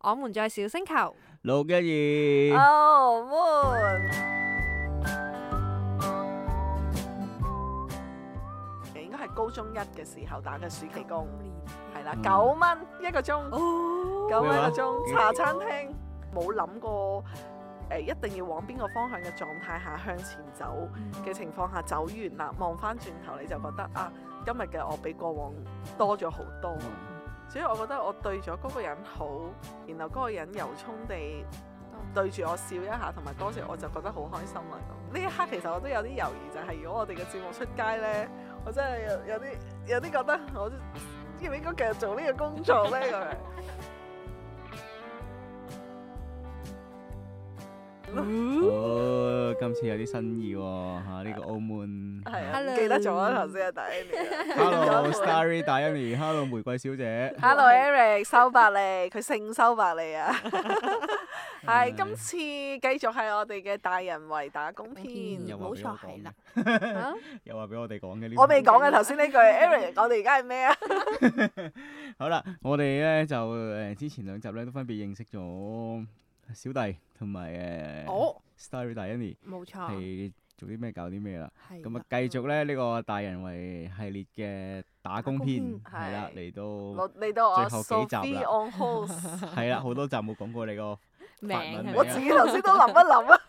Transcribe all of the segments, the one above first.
我們在小星球六一二。哦，們。誒，應該係高中一嘅時候打嘅暑期工，係啦，九蚊一個鐘，九蚊一個鐘，茶餐廳。冇諗過誒，一定要往邊個方向嘅狀態下向前走嘅情況下走完啦，望返轉頭你就覺得啊，今日嘅我比過往多咗好多。所以我覺得我對咗嗰個人好，然後嗰個人由衷地對住我笑一下，同埋當時，我就覺得好開心啦咁。呢一刻其實我都有啲猶豫，就係、是、如果我哋嘅節目出街呢，我真係有有啲有啲覺得我應唔應該繼續做呢個工作呢，咁樣。哦，今次有啲新意喎嚇！呢個澳門係啊，記得咗啦頭先啊大英年，Hello Starry 大英年，Hello 玫瑰小姐，Hello Eric 修伯利，佢姓修伯利啊，係今次繼續係我哋嘅大人圍打工篇，冇錯係啦，又話俾我哋講嘅，我未講嘅頭先呢句，Eric，我哋而家係咩啊？好啦，我哋咧就誒之前兩集咧都分別認識咗。小弟同埋誒，Starry Diana，冇錯，係做啲咩，搞啲咩啦？係咁啊，繼續咧呢個大人為系列嘅打工篇係啦，嚟到落嚟到最後幾集啦，Sophie en Rose，係啦，好多集冇講過你個名，我自己頭先都諗一諗啊！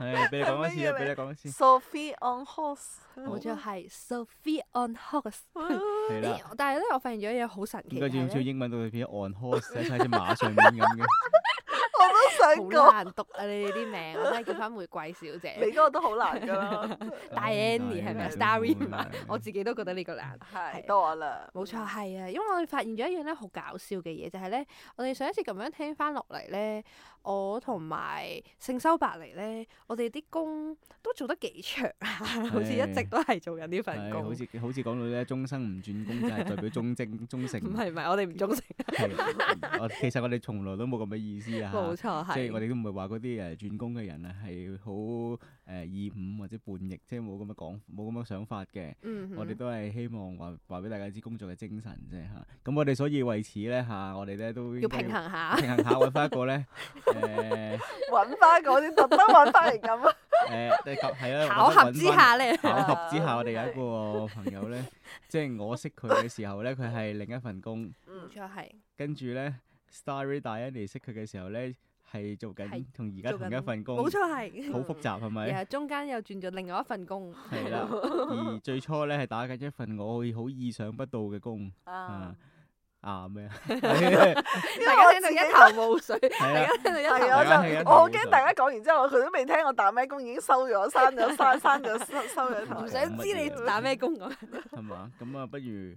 誒，俾你講一次啊，俾你講一次，Sophie en Rose，我就係 Sophie en Rose，係啦。但係咧，我發現咗一樣嘢好神奇，點解要要英文到變咗 on horse，寫曬隻馬上面咁嘅？好 新歌 難讀啊！你哋啲名，我真係叫翻玫瑰小姐。你嗰個都好難噶，Diane 係咪？Starry，我自己都覺得呢個難係多啦。冇錯，係啊，因為我哋發現咗一樣咧，好搞笑嘅嘢就係、是、咧，我哋上一次咁樣聽翻落嚟咧，我同埋聖修白嚟咧，我哋啲工都做得幾長啊， 好似一直都係做緊呢份工。係，好似好似講到咧，終生唔轉工，就係、是、代表忠貞忠誠。唔係唔係，我哋唔忠誠。其實我哋從來都冇咁嘅意思啊。冇錯。即係我哋都唔係話嗰啲誒轉工嘅人啊，係好誒厭惡或者叛逆，即係冇咁樣講，冇咁樣想法嘅。我哋都係希望話話俾大家知工作嘅精神啫嚇。咁我哋所以為此咧嚇，我哋咧都要平衡下，平衡下揾翻一個咧，揾翻個先特登揾翻嚟咁啊！誒，係啊，巧合之下咧，巧合之下我哋有一個朋友咧，即係我識佢嘅時候咧，佢係另一份工，唔錯係。跟住咧，StarryDiana 識佢嘅時候咧。係做緊同而家同一份工，冇錯係，好複雜係咪？而係中間又轉咗另外一份工，係啦。而最初咧係打緊一份我好意想不到嘅工，啊咩？而家我真係一頭霧水，而家真係，係我就我驚大家講完之後，佢都未聽我打咩工，已經收咗、刪咗、刪刪咗、收咗頭，唔想知你打咩工。係嘛？咁啊，不如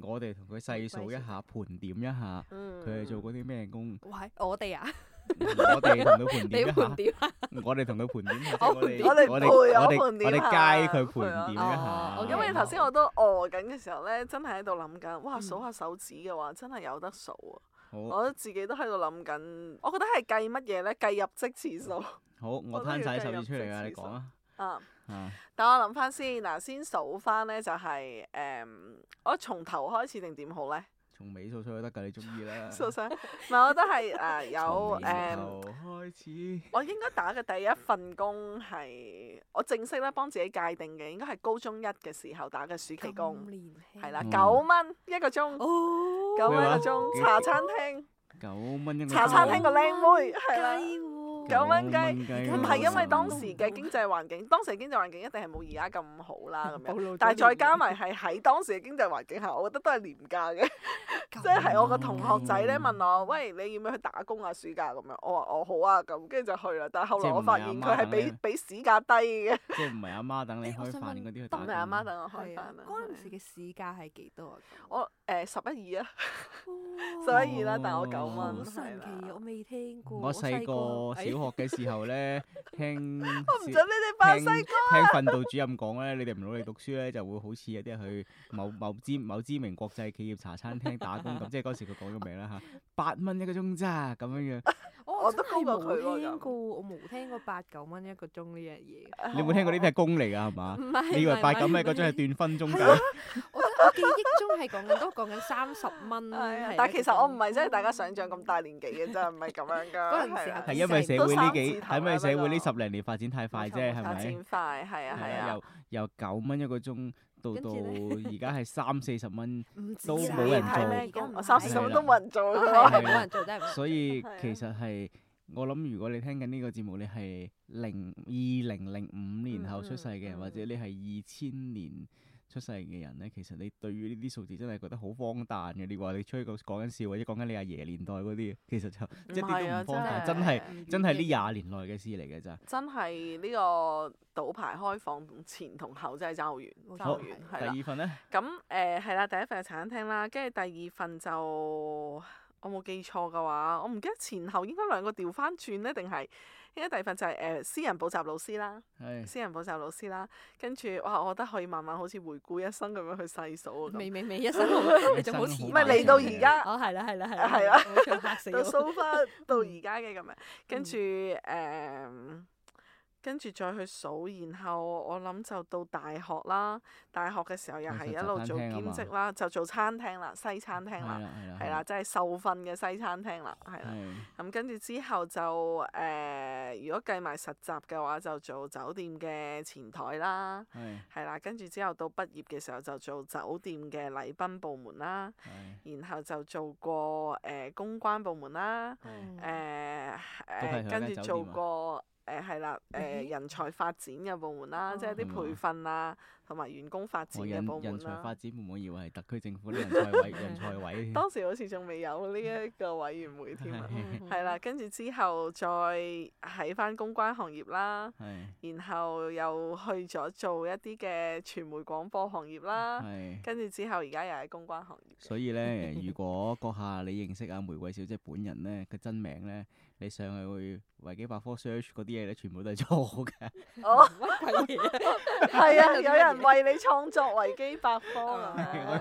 我哋同佢細數一下、盤點一下，佢係做嗰啲咩工？喂，我哋啊？ 我哋同佢盤點一下，點一下 我哋同佢盤點下，我我哋們我哋我哋我哋計佢盤點一下。咁你頭先我都餓緊嘅時候咧，真係喺度諗緊，哇數下手指嘅話，真係有得數啊！嗯、我自己都喺度諗緊，我覺得係計乜嘢咧？計入職次數。好， 我攤晒手指出嚟啊！你講啊。啊。啊。但我諗翻先，嗱，先數翻咧，就係誒，我從頭開始定點好咧。從尾數出去得㗎，你中意啦。數數 唔係，我都係誒有誒。 從年頭開始、嗯。我應該打嘅第一份工係我正式咧，幫自己界定嘅，應該係高中一嘅時候打嘅暑期工。咁年輕？係啦，了嗯、九蚊一個鐘。九蚊一個鐘，茶餐廳。哦、九蚊一個鐘。茶餐廳個靚妹，係啦。九蚊雞，唔係、嗯嗯、因為當時嘅經濟環境，當時經濟環境一定係冇而家咁好啦咁樣。 但係再加埋係喺當時嘅經濟環境下，我覺得都係廉價嘅。即 係我個同學仔咧問我： 喂，你要唔要去打工啊？暑假咁樣，我話我好啊咁，跟住就去啦。但係後來我發現佢係比媽媽你比市價低嘅。 即係唔係阿媽等你開飯嗰啲去打工？唔係阿媽等我開飯。嗰陣時嘅市價係幾多啊？啊多啊我誒、呃、十一二啊。 所以二啦，但我九蚊，好神奇，我未聽過。我細個小學嘅時候咧，聽我唔准你哋扮細哥，聽訓導主任講咧，你哋唔努力讀書咧，就會好似有啲去某某知某知名國際企業茶餐廳打工咁，即係嗰時佢講咗名啦吓，八蚊一個鐘咋咁樣樣。我真係冇聽過，我冇聽過八九蚊一個鐘呢樣嘢。你有冇聽過呢啲係工嚟噶係嘛？你以為八九蚊一個鐘係斷分鐘㗎？我記憶中係講緊都講緊三十蚊，但係其實我唔係真係大家想像咁大年紀嘅，真係唔係咁樣㗎。嗰係因為社會呢幾，係因為社會呢十零年發展太快啫，係咪？發展快，係啊，係啊，由由九蚊一個鐘到到而家係三四十蚊，都冇人做。三四十蚊都冇人做，冇人做真係。所以其實係我諗，如果你聽緊呢個節目，你係零二零零五年後出世嘅，或者你係二千年。出世型嘅人咧，其實你對於呢啲數字真係覺得好荒誕嘅。你話你出去講緊笑，或者講緊你阿爺，爺年代嗰啲，其實就、啊、一啲都唔荒誕，真係真係呢廿年內嘅事嚟嘅咋。嗯、真係呢個賭牌開放前同後真係爭好遠，爭好遠。係啦。第二份咧？咁誒係啦，第一份係茶餐廳啦，跟住第二份就。我冇記錯嘅話，我唔記得前後應該兩個調翻轉咧，定係應該第二份就係誒私人補習老師啦，私人補習老師啦，跟住是，哇，我覺得可以慢慢好似回顧一生咁樣去細數啊。未未未一生，你仲好似，唔係嚟到而家，哦係啦係啦係啦，係啦，就數翻到而家嘅咁啊，樣嗯、跟住誒。呃跟住再去數，然後我諗就到大學啦。大學嘅時候又係一路做兼職啦，就做餐廳啦，西餐廳啦，係啦，即係受訓嘅西餐廳啦，係啦的。咁、嗯、跟住之後就誒、呃，如果計埋實習嘅話，就做酒店嘅前台啦，係啦的。跟住之後到畢業嘅時候就做酒店嘅禮賓部門啦，的然後就做過誒、呃、公關部門啦，誒誒的、呃呃，跟住做過。誒係啦，誒、呃、人才發展嘅部門啦，哦、即係啲培訓啊，同埋員工發展嘅部門人，人才發展部門以為係特區政府嘅人才委 人才委。 當時好似仲未有呢一個委員會添啊，係啦， 跟住之後再喺返公關行業啦，的然後又去咗做一啲嘅傳媒廣播行業啦，的跟住之後而家又喺公關行業。 所以咧，如果閣下你認識阿玫瑰小姐本人咧，佢真名咧？你上去會維基百科 search 嗰啲嘢咧，全部都係錯嘅。哦，係 啊， 有人為你創作維基百科 啊！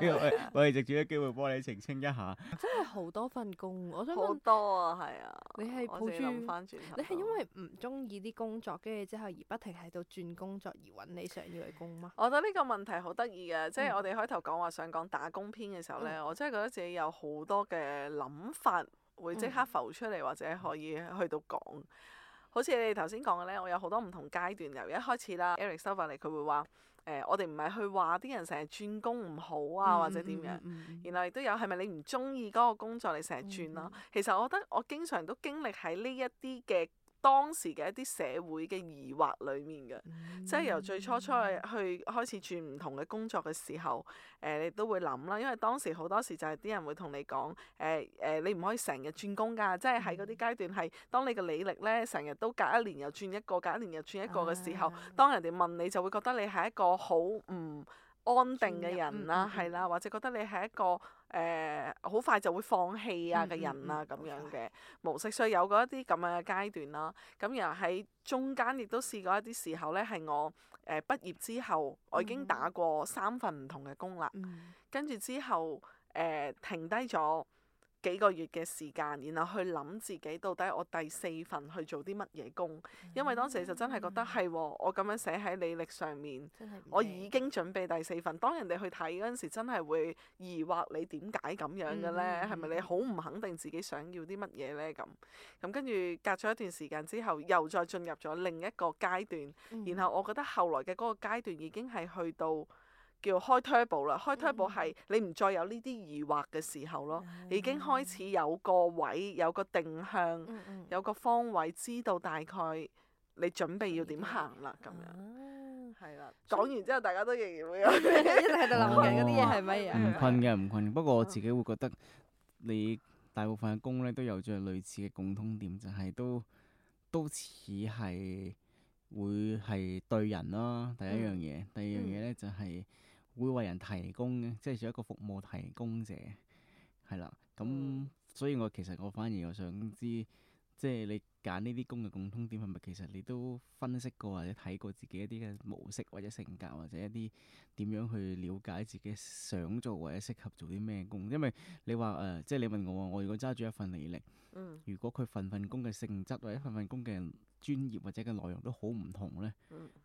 我哋藉住呢個機會幫你澄清一下。 真係好多份工，我想問多啊，係啊。你係抱住你係因為唔中意啲工作，跟住之後而不停喺度轉工作而揾你想要嘅工嗎？我覺得呢個問題好得意嘅，即係我哋開頭講話想講打工篇嘅時候咧，嗯、我真係覺得自己有好多嘅諗法。會即刻浮出嚟，或者可以去到講，嗯、好似你哋頭先講嘅咧，我有好多唔同階段，由一開始啦，Eric 收翻嚟佢會話，誒、呃、我哋唔係去話啲人成日轉工唔好啊，或者點樣，嗯嗯嗯、然後亦都有係咪你唔中意嗰個工作你成日轉啦、啊。嗯、其實我覺得我經常都經歷喺呢一啲嘅。當時嘅一啲社會嘅疑惑裡面嘅，嗯、即係由最初出去去開始轉唔同嘅工作嘅時候，誒、嗯呃、你都會諗啦，因為當時好多時就係啲人會同你講，誒、呃、誒、呃、你唔可以成日轉工㗎，即係喺嗰啲階段係當你嘅履歷咧成日都隔一年又轉一個，隔一年又轉一個嘅時候，嗯、當人哋問你就會覺得你係一個好唔安定嘅人啦，係、嗯嗯、啦，或者覺得你係一個，誒好、呃、快就會放棄啊嘅人啊咁樣嘅、嗯嗯、模式，所以有過一啲咁樣嘅階段啦、啊。咁然後喺中間亦都試過一啲時候咧，係我誒畢、呃、業之後，我已經打過三份唔同嘅工啦。嗯、跟住之後誒、呃、停低咗。幾個月嘅時間，然後去諗自己到底我第四份去做啲乜嘢工，嗯、因為當時就真係覺得係喎、嗯哦，我咁樣寫喺履歷上面，我已經準備第四份。當人哋去睇嗰陣時，真係會疑惑「你點解咁樣嘅呢？係咪、嗯嗯、你好唔肯定自己想要啲乜嘢呢？」咁咁跟住隔咗一段時間之後，又再進入咗另一個階段。嗯、然後我覺得後來嘅嗰個階段已經係去到。叫開 table 啦，開 table 係你唔再有呢啲疑惑嘅時候咯，嗯、已經開始有個位，有個定向，嗯嗯、有個方位，知道大概你準備要點行啦咁樣，係啦、嗯。講的完之後，大家都仍然會有你喺度諗緊嗰啲嘢係乜嘢？唔困嘅，唔困嘅。不過我自己會覺得你大部分嘅工咧都有咗類似嘅共通點，就係、是、都都,都似係。會係對人囉，第一樣嘢。嗯、第二樣嘢咧就係會為人提供嘅，即係做一個服務提供者，係啦。咁、嗯、所以，我其實我反而我想知，即係你。揀呢啲工嘅共通點係咪其實你都分析過，或者睇過自己一啲嘅模式、或者性格、或者一啲點樣去了解自己想做或者適合做啲咩工？因為你話誒、呃，即係你問我，我如果揸住一份履歷，如果佢份份工嘅性質或者份份工嘅專業或者嘅內容都好唔同咧，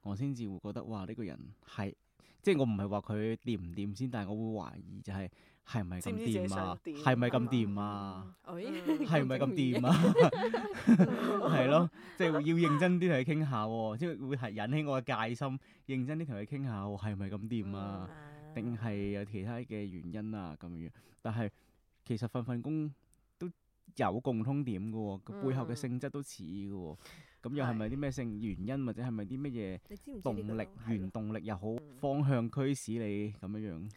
我先至會覺得哇呢個人係。即係我唔係話佢掂唔掂先，但係我會懷疑就係係唔係咁掂啊？係咪咁掂啊？係唔係咁掂啊？係咯吧，即係要認真啲同佢傾下、啊， 即係會係引起我嘅戒心，認真啲同佢傾下，係咪咁掂啊？定係、啊嗯、有其他嘅原因啊？咁樣，但係其實份份工都有共通點噶、啊，背後嘅性質都似噶、啊。嗯咁又係咪啲咩性原因，的或者係咪啲乜嘢動力、原動力又好，的方向驅使你咁樣樣？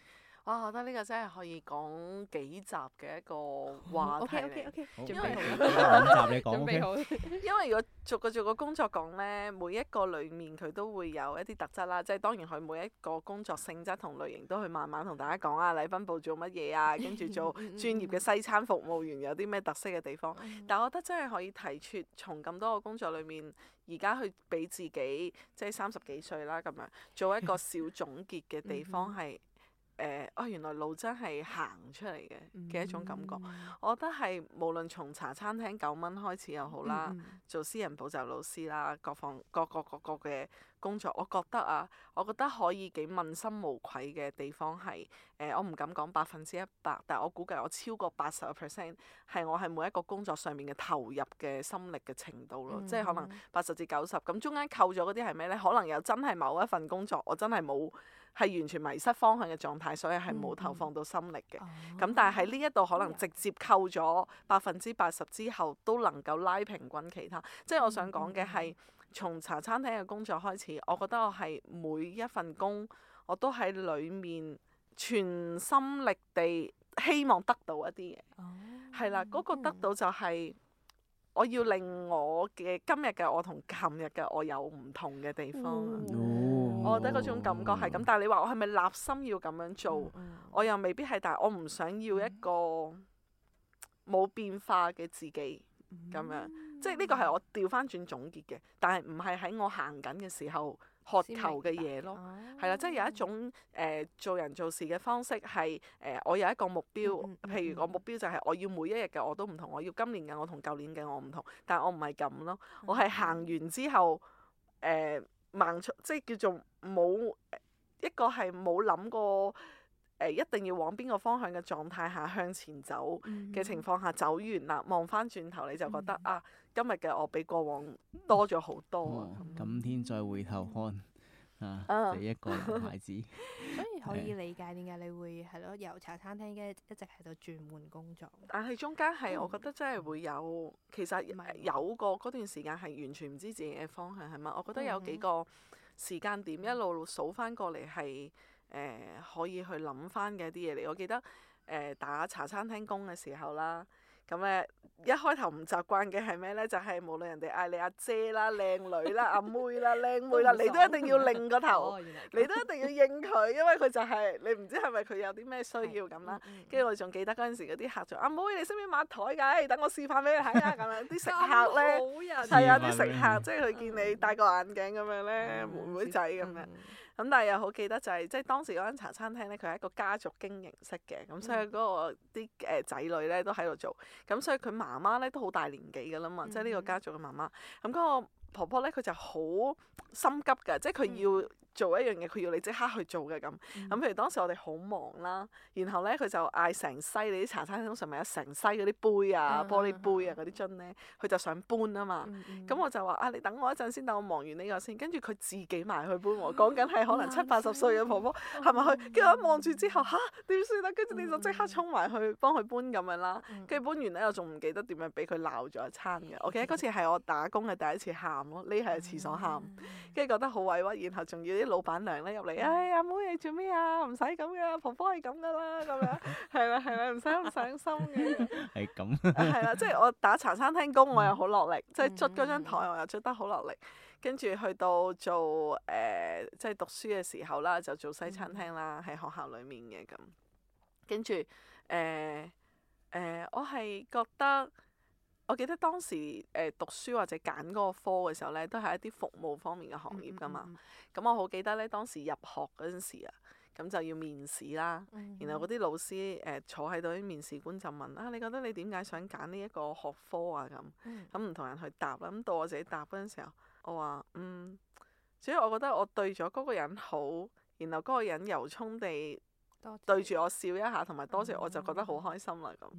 哇！我覺得呢個真係可以講幾集嘅一個話題嚟、哦、okay, okay, okay，好，準備好 因為如果逐個逐個工作講呢，每一個裡面佢都會有一啲特質啦。即係當然佢每一個工作性質同類型都去慢慢同大家講啊。禮賓部做乜嘢啊？跟住做專業嘅西餐服務員有啲咩特色嘅地方？ 嗯、但我覺得真係可以提出從咁多個工作裡面而家去俾自己即係三十幾歲啦，咁樣做一個小總結嘅地方係。誒啊、呃！原來路真係行出嚟嘅嘅一種感覺。嗯、我覺得係無論從茶餐廳九蚊開始又好啦，嗯、做私人補習老師啦，各方各個各個嘅工作，我覺得啊，我覺得可以幾問心無愧嘅地方係誒、呃，我唔敢講百分之一百，但係我估計我超過八十個 percent 係我係每一個工作上面嘅投入嘅心力嘅程度咯。嗯、即係可能八十至九十咁，中間扣咗嗰啲係咩呢？可能又真係某一份工作，我真係冇。係完全迷失方向嘅狀態，所以係冇投放到心力嘅。咁、嗯、但係喺呢一度可能直接扣咗百分之八十之後，都能夠拉平均其他。即、就、係、是、我想講嘅係從茶餐廳嘅工作開始，我覺得我係每一份工我都喺裡面全心力地希望得到一啲嘢。係、嗯嗯、啦，嗰、那個得到就係我要令我嘅今日嘅我同琴日嘅我有唔同嘅地方。嗯我覺得嗰種感覺係咁，但係你話我係咪立心要咁樣做，嗯、我又未必係。但係我唔想要一個冇變化嘅自己咁、嗯、樣，嗯、即係呢個係我調翻轉總結嘅。但係唔係喺我行緊嘅時候渴求嘅嘢咯，係啦、啊。即係有一種誒、呃、做人做事嘅方式係誒、呃，我有一個目標，嗯嗯、譬如我目標就係我要每一日嘅我都唔同，我要今年嘅我同舊年嘅我唔同，但我唔係咁咯，我係行完之後誒。呃盲出即係叫做冇一個係冇諗過誒、呃，一定要往邊個方向嘅狀態下向前走嘅情況下走完啦，望返轉頭你就覺得、嗯、啊，今日嘅我比過往多咗好多。咁、哦、嗎天再回頭看。嗯啊！一個牌子， 所以可以理解點解你會係咯，由茶餐廳嘅一直喺度轉換工作。但係中間係、嗯、我覺得真係會有，其實有個嗰段時間係完全唔知自己嘅方向係乜。我覺得有幾個時間點一路數翻過嚟係誒可以去諗翻嘅一啲嘢嚟。我記得誒、呃、打茶餐廳工嘅時候啦。咁咧一開頭唔習慣嘅係咩咧？就係、是、無論人哋嗌你阿姐，姐啦、靚女啦、阿妹 啦、靚妹啦，啦，你都一定要擰個頭， 哦、你都一定要應佢，因為佢就係、是、你唔知係咪佢有啲咩需要咁啦。跟住 我仲記得嗰陣時嗰啲客就阿、 啊、妹，你識唔識抹台㗎？等我示範俾你睇下、啊。咁樣啲食客咧，係 啊啲食客，即係佢見你戴個眼鏡咁樣咧、嗯呃，妹妹仔咁樣。嗯咁但係又好記得就係、是、即係當時嗰間茶餐廳咧，佢係一個家族經營式嘅，咁所以嗰、那個啲誒仔女咧都喺度做，咁所以佢媽媽咧都好大年紀㗎啦嘛，嗯、即係呢個家族嘅媽媽。咁、那、嗰個婆婆咧，佢就好心急㗎，即係佢要。嗯做一樣嘢，佢要你即刻去做嘅咁。咁譬如當時我哋好忙啦，然後咧佢就嗌成西你啲茶餐廳通常咪有成西嗰啲杯啊、嗯、玻璃杯啊、嗰啲樽咧，佢就想搬啊嘛。咁我就話啊，你等我一陣先，等我忙完呢個先。跟住佢自己埋去搬喎，講緊係可能七、啊、七八十歲嘅婆婆係咪去？跟住我望住之後吓，點、啊、算咧？跟住你就即刻衝埋去幫佢搬咁樣啦。跟住搬完咧，我仲唔記得點樣俾佢鬧咗一餐嘅。Ok，嗰次係我打工嘅第一次喊咯，匿喺廁所喊，跟住覺得好委屈，然後仲要。啲老闆娘咧入嚟啊！阿妹你做咩啊？唔使咁嘅，婆婆係咁噶啦，咁樣係啦，係啦，唔使咁上心嘅。係咁。係啦、啊，即係我打茶餐廳工，我又好落力，嗯、即係捽嗰張台，我又捽得好落力。跟住去到做誒、呃，即係讀書嘅時候啦，就做西餐廳啦，喺、嗯、學校裡面嘅咁。跟住誒誒，我係覺得。我記得當時誒、呃、讀書或者揀嗰個科嘅時候咧，都係一啲服務方面嘅行業噶嘛。咁、mm hmm. 嗯、我好記得咧，當時入學嗰陣時啊，咁就要面試啦。Mm hmm. 然後嗰啲老師誒、呃、坐喺度啲面試官就問啊，你覺得你點解想揀呢一個學科啊？咁咁唔同人去答啦。咁到我自己答嗰陣時候，我話嗯，所以我覺得我對咗嗰個人好，然後嗰個人由衷地，對住我笑一下，同埋當時我就覺得好開心啦。咁，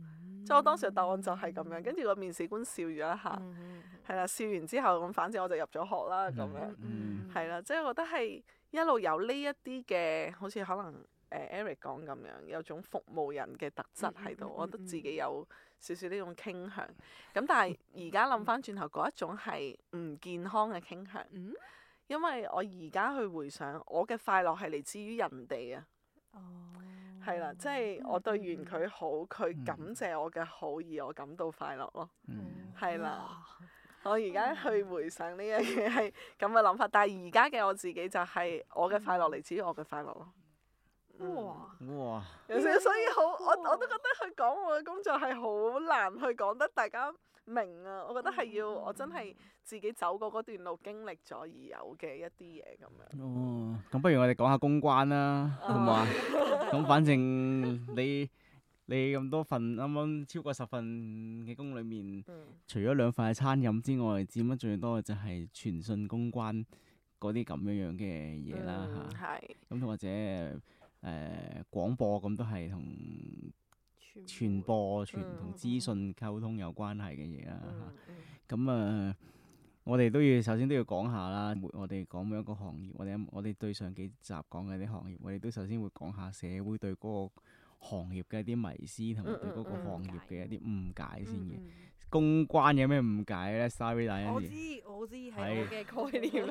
即係、嗯、我當時嘅答案就係咁樣，跟住個面試官笑咗一下，係啦、嗯嗯，笑完之後咁，反正我就入咗學啦。咁樣係啦，即係、嗯嗯就是、我覺得係一路有呢一啲嘅，好似可能誒、呃、Eric 講咁樣，有種服務人嘅特質喺度。嗯嗯嗯、我覺得自己有少少呢種傾向，咁、嗯嗯、但係而家諗翻轉頭嗰一種係唔健康嘅傾向，嗯、因為我而家去回想，我嘅快樂係嚟自於人哋啊。哦，係啦，oh，即係我對完佢好，佢，嗯、感謝我嘅好意，我感到快樂咯。係啦，我而家去回想呢樣嘢係咁嘅諗法，但係而家嘅我自己就係我嘅快樂嚟自於我嘅快樂咯。哇！嗯，哇有時所以好，我我都覺得去講我嘅工作係好難去講得大家。明啊，我覺得係要我真係自己走過嗰段路，經歷咗而有嘅一啲嘢咁樣。哦，咁不如我哋講下公關啦，好唔好啊？咁和 反正你你咁多份，啱啱 超過十份嘅工裏面，嗯、除咗兩份餐飲之外，佔得最多嘅就係傳訊公關嗰啲咁樣樣嘅嘢啦吓，係、嗯。咁或者誒、呃、廣播咁都係同。傳播傳同資訊溝通有關係嘅嘢啦，咁啊、嗯嗯呃，我哋都要首先都要講下啦。我哋講每一個行業，我哋我哋對上幾集講嘅啲行業，我哋都首先會講下社會對嗰個行業嘅一啲迷思，同埋對嗰個行業嘅一啲誤解先嘅。嗯嗯、公關有咩誤解咧？Sorry，大我知、嗯、我知，係我嘅、哎、概念。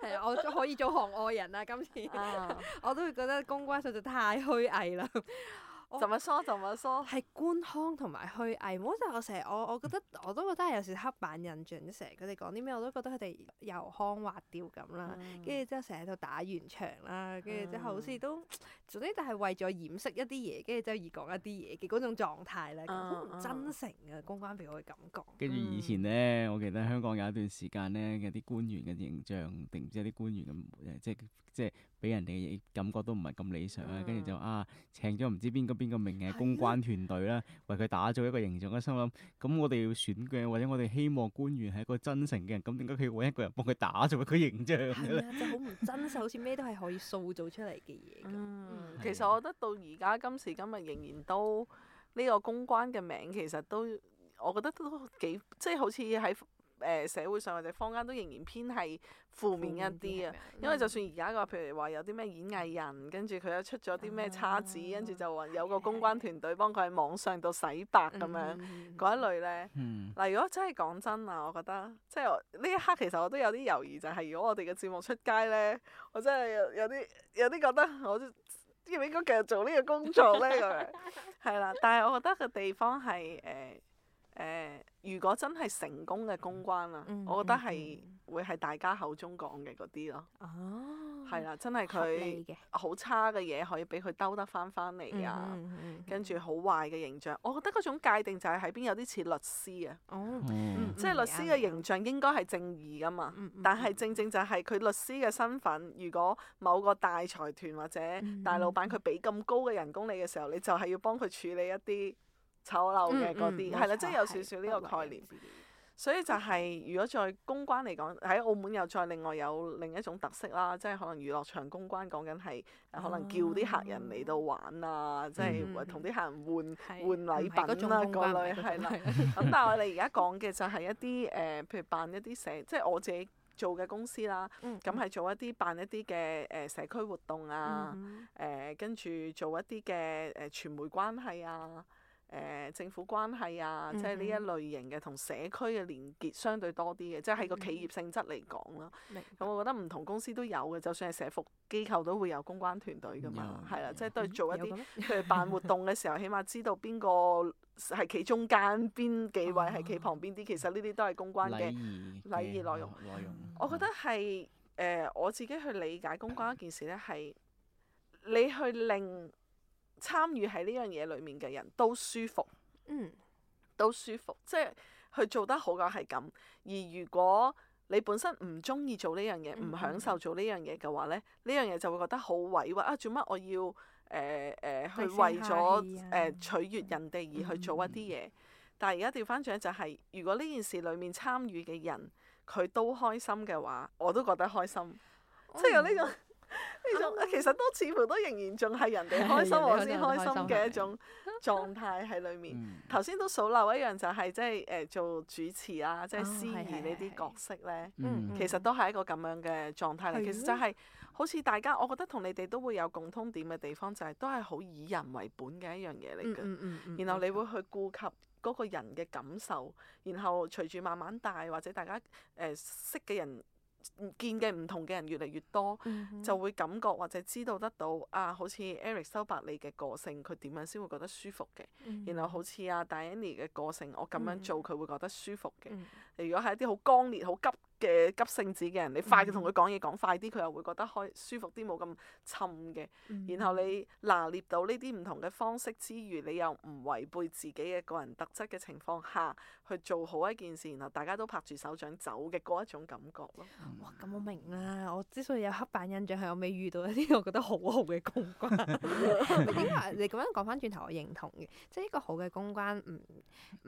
係啊，我可以做行外人啦。今次、ah. 我都會覺得公關實在太虛偽啦。 就乜疏就乜疏，係官腔同埋虛偽。唔好，就係我成日我我覺得我都覺得係有時刻板印象，成日佢哋講啲咩我都覺得佢哋油腔滑調咁啦。跟住之後成日喺度打圓場啦，跟住之後好似都總之就係為咗掩飾一啲嘢，跟住之後而講一啲嘢嘅嗰種狀態咧，好唔真誠啊！嗯嗯、公關俾我嘅感覺。跟住、嗯、以前咧，我記得香港有一段時間咧，有啲官員嘅形象定唔知有啲官員嘅，即係即係。即俾人哋嘅感覺都唔係咁理想啊，跟住、嗯、就啊請咗唔知邊個邊個名嘅公關團隊啦，的為佢打造一個形象。我心諗，咁我哋要選嘅或者我哋希望官員係一個真誠嘅人，咁點解佢揾一個人幫佢打造一個形象咧？係啊，就好唔真實，好似咩都係可以塑造出嚟嘅嘢。嗯，其實我覺得到而家今時今日仍然都呢、呢個公關嘅名，其實都我覺得都幾即係好似喺。誒、欸、社會上或者坊間都仍然偏係負面一啲啊，因為就算而家個譬如話有啲咩演藝人，跟住佢又出咗啲咩叉子，啊、跟住就話有個公關團隊幫佢喺網上度洗白咁樣，嗰、嗯、一類咧。嗱、嗯啊，如果真係講真啊，我覺得即係呢一刻其實我都有啲猶豫，就係、是、如果我哋嘅節目出街咧，我真係有有啲有啲覺得我應唔應該繼續做呢個工作咧咁樣。係啦， 但係我覺得個地方係誒。呃誒，如果真係成功嘅公關啊，我覺得係會係大家口中講嘅嗰啲咯。哦，係啦，真係佢好差嘅嘢，可以俾佢兜得翻翻嚟啊！跟住好壞嘅形象，我覺得嗰種界定就係喺邊有啲似律師啊。哦，即係律師嘅形象應該係正義噶嘛，但係正正就係佢律師嘅身份，如果某個大財團或者大老闆佢俾咁高嘅人工你嘅時候，你就係要幫佢處理一啲。醜陋嘅嗰啲，係啦，即係有少少呢個概念。所以就係，如果再公關嚟講，喺澳門又再另外有另一種特色啦，即係可能娛樂場公關講緊係可能叫啲客人嚟到玩啊，即係同啲客人換換禮品啊嗰類，係啦。咁但係我哋而家講嘅就係一啲誒，譬如辦一啲社，即係我自己做嘅公司啦，咁係做一啲辦一啲嘅誒社區活動啊，誒跟住做一啲嘅誒傳媒關係啊。誒、呃、政府關係啊，即係呢一類型嘅同社區嘅連結相對多啲嘅，嗯、即係喺個企業性質嚟講啦。咁白、嗯，我覺得唔同公司都有嘅，就算係社服機構都會有公關團隊噶嘛，係啦，即係都係做一啲佢的辦活動嘅時候，起碼知道邊個係企中間，邊 幾位係企旁邊啲。其實呢啲都係公關嘅禮儀內容。內容，嗯、我覺得係誒、呃，我自己去理解公關一件事咧，係 你去令參與喺呢樣嘢裡面嘅人都舒服，嗯，都舒服，嗯、舒服即係佢做得好嘅係咁。而如果你本身唔中意做呢樣嘢，唔、嗯、享受做呢樣嘢嘅話咧，呢樣嘢就會覺得好委屈啊！做乜我要誒誒、呃呃、去為咗、呃、取悅人哋而去做一啲嘢？嗯、但係而家調翻轉就係、是，如果呢件事裡面參與嘅人佢都開心嘅話，我都覺得開心。嗯、即係有呢個。呢種、um, 其實都似乎都仍然仲係人哋開心的我先開心嘅一種狀態喺裏面。頭先、嗯、都數漏一樣就係即係誒做主持啦、啊，即係司儀呢啲角色咧，哦嗯、其實都係一個咁樣嘅狀態啦。的其實就係、是、好似大家，我覺得同你哋都會有共通點嘅地方，就係、是、都係好以人為本嘅一樣嘢嚟嘅。嗯嗯嗯嗯、然後你會去顧及嗰個人嘅感受，的然後隨住慢慢大或者大家誒、呃、識嘅人。見嘅唔同嘅人越嚟越多，mm hmm. 就會感覺或者知道得到啊，好似 Eric 收伯利嘅個性，佢點樣先會覺得舒服嘅。Mm hmm. 然後好似啊，Dani 嘅個性，我咁樣做佢、mm hmm. 會覺得舒服嘅。Mm hmm. 如果係一啲好剛烈、好急。嘅急性子嘅人，你快啲同佢講嘢，講快啲，佢又會覺得開舒服啲，冇咁沉嘅。嗯、然後你拿捏到呢啲唔同嘅方式之餘，你又唔違背自己嘅個人特質嘅情況下去做好一件事，然後大家都拍住手掌走嘅嗰一種感覺咯。嗯、哇，咁我明啦。我之所以有黑板印象係我未遇到一啲我覺得好好嘅公關。你咁樣講翻轉頭，我認同嘅，即係一個好嘅公關，唔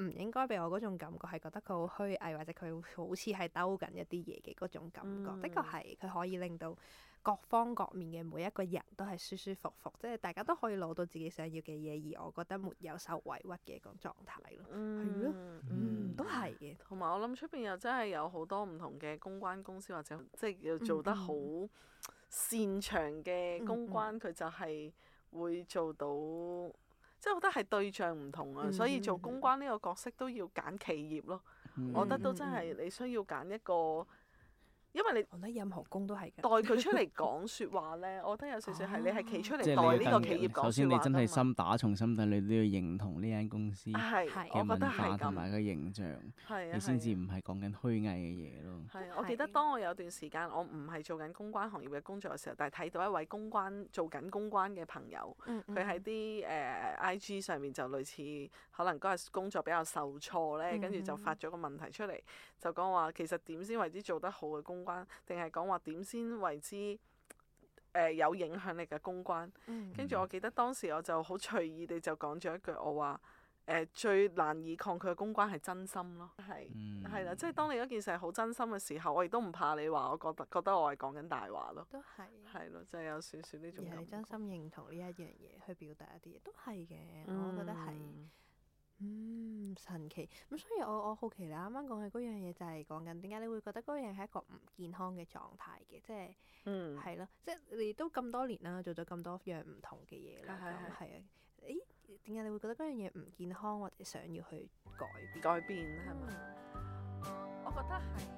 唔應該俾我嗰種感覺，係覺得佢好虛偽，或者佢好似係兜緊。啲嘢嘅嗰種感覺，嗯、的確係佢可以令到各方各面嘅每一個人都係舒舒服服，即係大家都可以攞到自己想要嘅嘢，而我覺得沒有受委屈嘅個狀態咯，係咯，嗯，吧嗯都係嘅。同埋我諗出面又真係有好多唔同嘅公關公司或者即係又做得好擅長嘅公關，佢、嗯嗯、就係會做到，即係我覺得係對象唔同啊，嗯、所以做公關呢個角色都要揀企業咯。我覺得都真係你需要揀一個。因為你講得任何工都係嘅，代佢出嚟講説話咧，我覺得有少少係你係企出嚟代呢個企業講説話。首先你真係心打從心底，你都要認同呢間公司嘅文化同埋個形象，你先至唔係講緊虛偽嘅嘢咯。係，我記得當我有段時間我唔係做緊公關行業嘅工作嘅時候，但係睇到一位公關做緊公關嘅朋友，佢喺啲誒 IG 上面就類似可能嗰日工作比較受挫咧，嗯嗯跟住就發咗個問題出嚟，就講話其實點先為之做得好嘅公關，定係講話點先為之？誒、呃，有影響力嘅公關，跟住、嗯、我記得當時我就好隨意地就講咗一句我，我話：誒，最難以抗拒嘅公關係真心咯。係，係啦、嗯，即係當你嗰件事係好真心嘅時候，我亦都唔怕你話，我覺得覺得我係講緊大話咯。都係是。係咯，就係、是、有少少呢種嘢。係真心認同呢一樣嘢去表達一啲嘢，都係嘅，嗯、我覺得係。嗯，神奇咁、嗯，所以我我好奇你啱啱講嘅嗰樣嘢，就係講緊點解你會覺得嗰樣係一個唔健康嘅狀態嘅，即係，係咯、嗯，即係你都咁多年啦，做咗咁多樣唔同嘅嘢啦，咁係、嗯嗯、啊，誒、哎，點解你會覺得嗰樣嘢唔健康，或者想要去改變改變係咪？我覺得係。嗯